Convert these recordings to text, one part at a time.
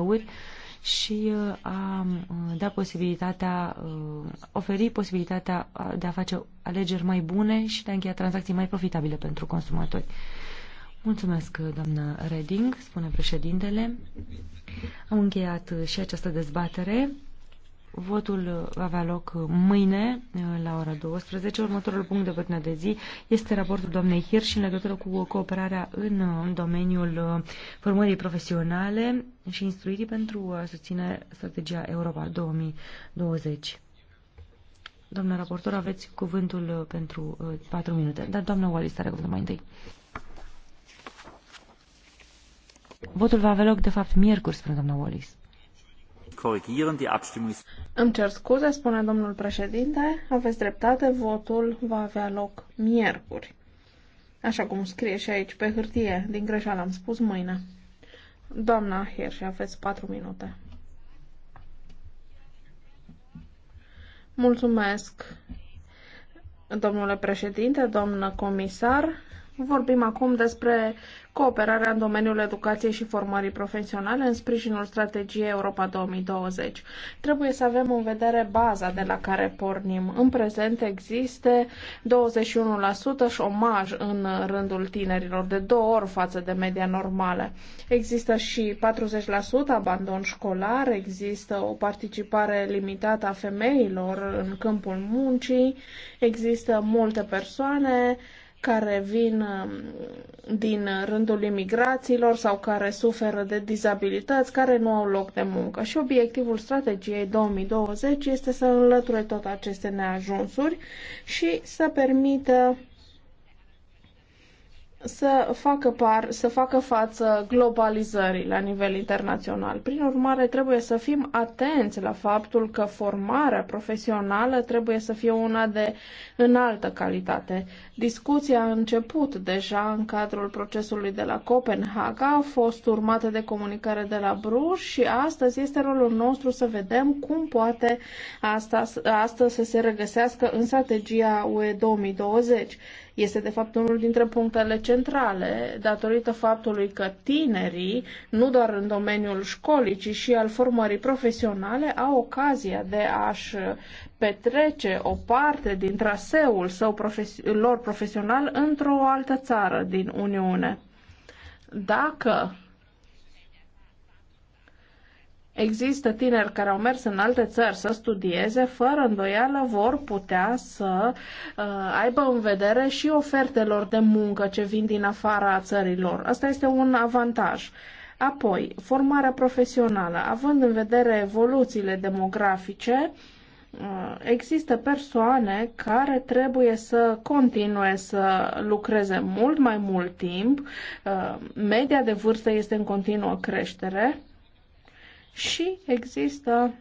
uri și uh, a uh, da posibilitatea, uh, oferi posibilitatea de a face alegeri mai bune și de a încheia tranzacții mai profitabile pentru consumatori. Mulțumesc, doamnă Reding, spune președintele. Am încheiat și această dezbatere. Votul uh, va avea loc uh, mâine uh, la ora 12. Următorul punct de ordine de zi este raportul doamnei Hirsch în legătură cu cooperarea în domeniul formării profesionale și instruirii pentru a susține strategia Europa 2020. Doamna raportor, aveți cuvântul pentru 4 minute. Dar doamna Wallis are cuvântul mai întâi. Votul va avea loc, de fapt, miercuri, spune doamna Wallis. Îmi cer scuze, spune domnul președinte. Aveți dreptate, votul va avea loc miercuri. Așa cum scrie și aici pe hârtie, din greșeală am spus mâine. Doamna Hirsch, aveți patru minute. Mulțumesc, domnule președinte, domnă comisar. Vorbim acum despre cooperarea în domeniul educației și formării profesionale în sprijinul strategiei Europa 2020. Trebuie să avem în vedere baza de la care pornim. În prezent există 21% șomaj în rândul tinerilor, de două ori față de media normală. Există și 40% abandon școlar, există o participare limitată a femeilor în câmpul muncii, există multe persoane care vin um, din rândul imigraților sau care suferă de dizabilități, care nu au loc de muncă. Și obiectivul strategiei 2020 este să înlăture tot aceste neajunsuri și să permită să facă, par, să facă față globalizării la nivel internațional. Prin urmare, trebuie să fim atenți la faptul că formarea profesională trebuie să fie una de înaltă calitate. Discuția a început deja în cadrul procesului de la Copenhaga, a fost urmată de comunicare de la Bruș și astăzi este rolul nostru să vedem cum poate asta, asta să se regăsească în strategia UE 2020. Este, de fapt, unul dintre punctele centrale, datorită faptului că tinerii, nu doar în domeniul școlii, ci și al formării profesionale, au ocazia de a-și petrece o parte din traseul său profes- lor profesional într-o altă țară din Uniune. Dacă Există tineri care au mers în alte țări să studieze, fără îndoială vor putea să uh, aibă în vedere și ofertelor de muncă ce vin din afara țărilor. Asta este un avantaj. Apoi, formarea profesională. Având în vedere evoluțiile demografice, uh, există persoane care trebuie să continue să lucreze mult mai mult timp. Uh, media de vârstă este în continuă creștere și există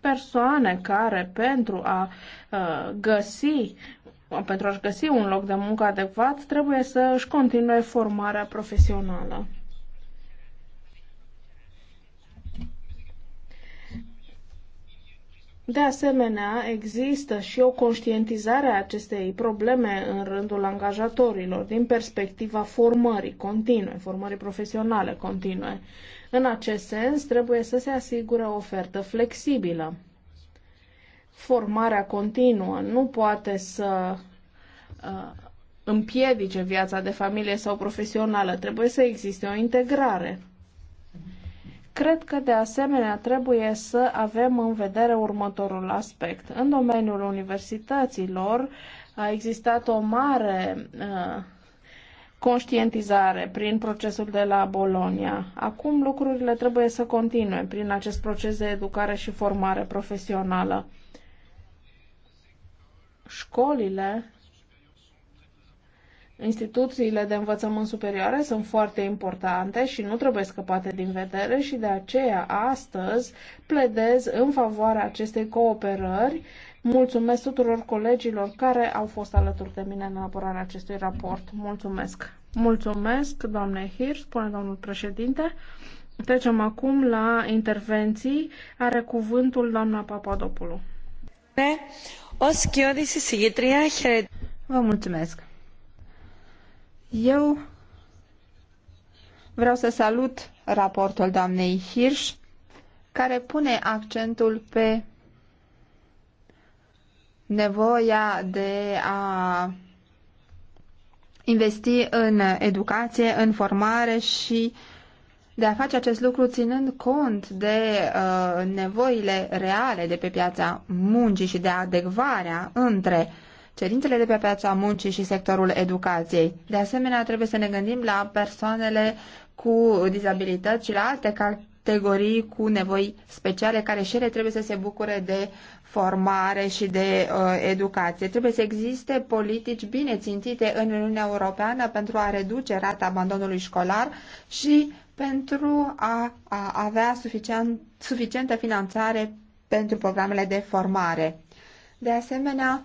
persoane care pentru a uh, găsi pentru a-și găsi un loc de muncă adecvat, trebuie să își continue formarea profesională. De asemenea, există și o conștientizare a acestei probleme în rândul angajatorilor, din perspectiva formării continue, formării profesionale continue. În acest sens, trebuie să se asigure o ofertă flexibilă. Formarea continuă nu poate să uh, împiedice viața de familie sau profesională, trebuie să existe o integrare. Cred că, de asemenea, trebuie să avem în vedere următorul aspect. În domeniul universităților a existat o mare uh, conștientizare prin procesul de la Bologna. Acum lucrurile trebuie să continue prin acest proces de educare și formare profesională. Școlile Instituțiile de învățământ superioare sunt foarte importante și nu trebuie scăpate din vedere și de aceea astăzi pledez în favoarea acestei cooperări. Mulțumesc tuturor colegilor care au fost alături de mine în elaborarea acestui raport. Mulțumesc! Mulțumesc, doamne Hir, spune domnul președinte. Trecem acum la intervenții. Are cuvântul doamna Papadopoulou. Vă mulțumesc! Eu vreau să salut raportul doamnei Hirsch, care pune accentul pe nevoia de a investi în educație, în formare și de a face acest lucru ținând cont de uh, nevoile reale de pe piața muncii și de adecvarea între uh, cerințele de pe piața muncii și sectorul educației. De asemenea, trebuie să ne gândim la persoanele cu dizabilități și la alte categorii cu nevoi speciale care și ele trebuie să se bucure de formare și de uh, educație. Trebuie să existe politici bine țintite în Uniunea Europeană pentru a reduce rata abandonului școlar și pentru a, a avea suficient, suficientă finanțare pentru programele de formare. De asemenea,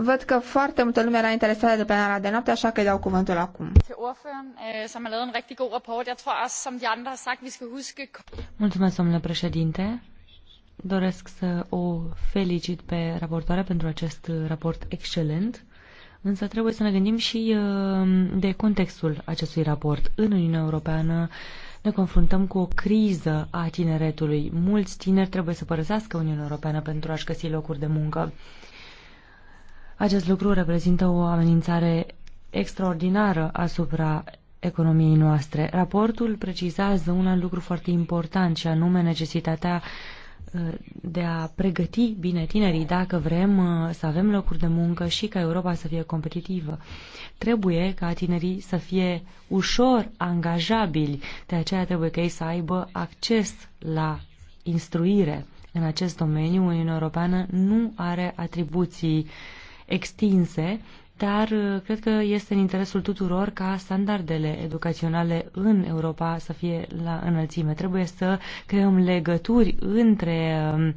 Văd că foarte multă lume era interesată de plenara de noapte, așa că îi dau cuvântul acum. Øh, Mulțumesc, domnule președinte. Doresc să o felicit pe raportoare pentru acest raport excelent, însă trebuie să ne gândim și uh, de contextul acestui raport. În Uniunea Europeană ne confruntăm cu o criză a tineretului. Mulți tineri trebuie să părăsească Uniunea Europeană pentru a-și găsi locuri de muncă. Acest lucru reprezintă o amenințare extraordinară asupra economiei noastre. Raportul precizează un lucru foarte important și anume necesitatea uh, de a pregăti bine tinerii dacă vrem uh, să avem locuri de muncă și ca Europa să fie competitivă. Trebuie ca tinerii să fie ușor angajabili, de aceea trebuie ca ei să aibă acces la instruire. În acest domeniu, Uniunea Europeană nu are atribuții uh, extinse, dar uh, cred că este în interesul tuturor ca standardele educaționale în Europa să fie la înălțime. Trebuie să creăm legături între um,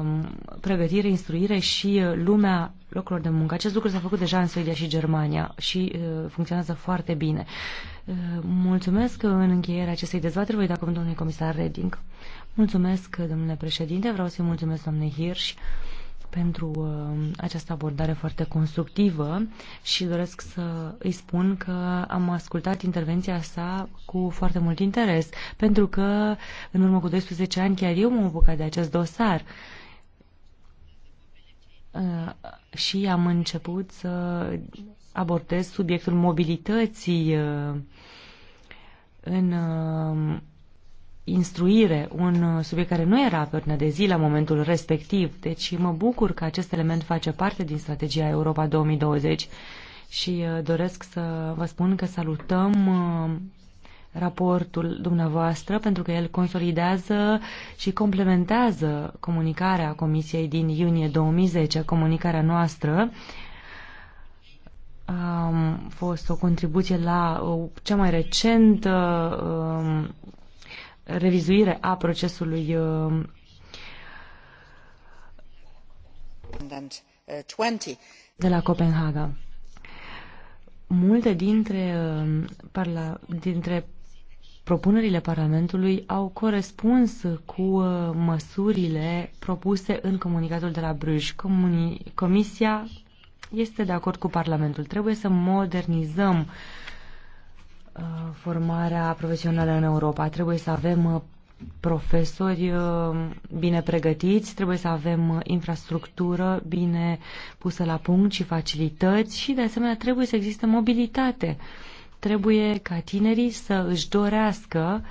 um pregătire, instruire și uh, lumea locurilor de muncă. Acest lucru s-a făcut deja în Suedia și Germania și uh, funcționează foarte bine. Uh, mulțumesc că uh, în încheierea acestei dezbateri voi da cuvântul domnului comisar Reding. Mulțumesc, domnule președinte, vreau să-i mulțumesc domnule Hirsch pentru uh, această abordare foarte constructivă și doresc să îi spun că am ascultat intervenția sa cu foarte mult interes, pentru că în urmă cu 12 ani chiar eu m-am bucat de acest dosar uh, și am început să abordez subiectul mobilității uh, în instruire, un uh, subiect care nu era pe ordinea de zi la momentul respectiv. Deci mă bucur că acest element face parte din strategia Europa 2020 și uh, doresc să vă spun că salutăm uh, raportul dumneavoastră pentru că el consolidează și complementează comunicarea Comisiei din iunie 2010. Comunicarea noastră a fost o contribuție la cea mai recentă um, revizuire a procesului uh, uh, de la Copenhaga. Multe dintre, uh, parla, dintre propunerile Parlamentului au corespuns cu măsurile propuse în comunicatul de la Bruj. Comisia este de acord cu Parlamentul. Trebuie să modernizăm uh, Uh, formarea profesională în Europa. Trebuie să avem uh, profesori uh, bine pregătiți, trebuie să avem infrastructură bine pusă la punct și facilități și de asemenea trebuie să existe mobilitate. Trebuie ca tinerii să își dorească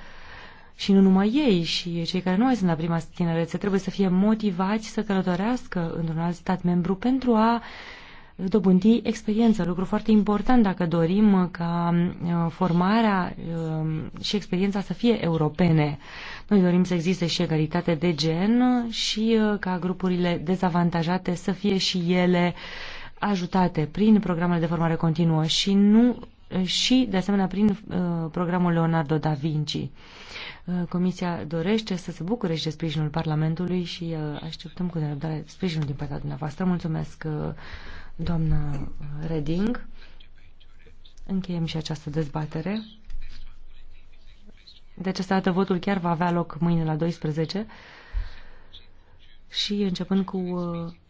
și nu numai ei și cei care nu mai sunt la prima tinerețe, trebuie să fie motivați să călătorească într-un alt stat membru pentru a dobândi experiență, lucru foarte important dacă dorim uh, ca uh, formarea uh, și experiența să fie europene. Noi dorim să existe și egalitate de gen și ca grupurile dezavantajate să fie și ele ajutate prin programele de formare continuă și nu și, de asemenea, prin programul Leonardo da Vinci. Comisia dorește să se bucure și de sprijinul Parlamentului și așteptăm cu nerăbdare sprijinul din partea dumneavoastră. Mulțumesc! doamnă uh, Reding. Încheiem și această dezbatere. De deci, această dată votul chiar va avea loc mâine la 12 și începând cu uh,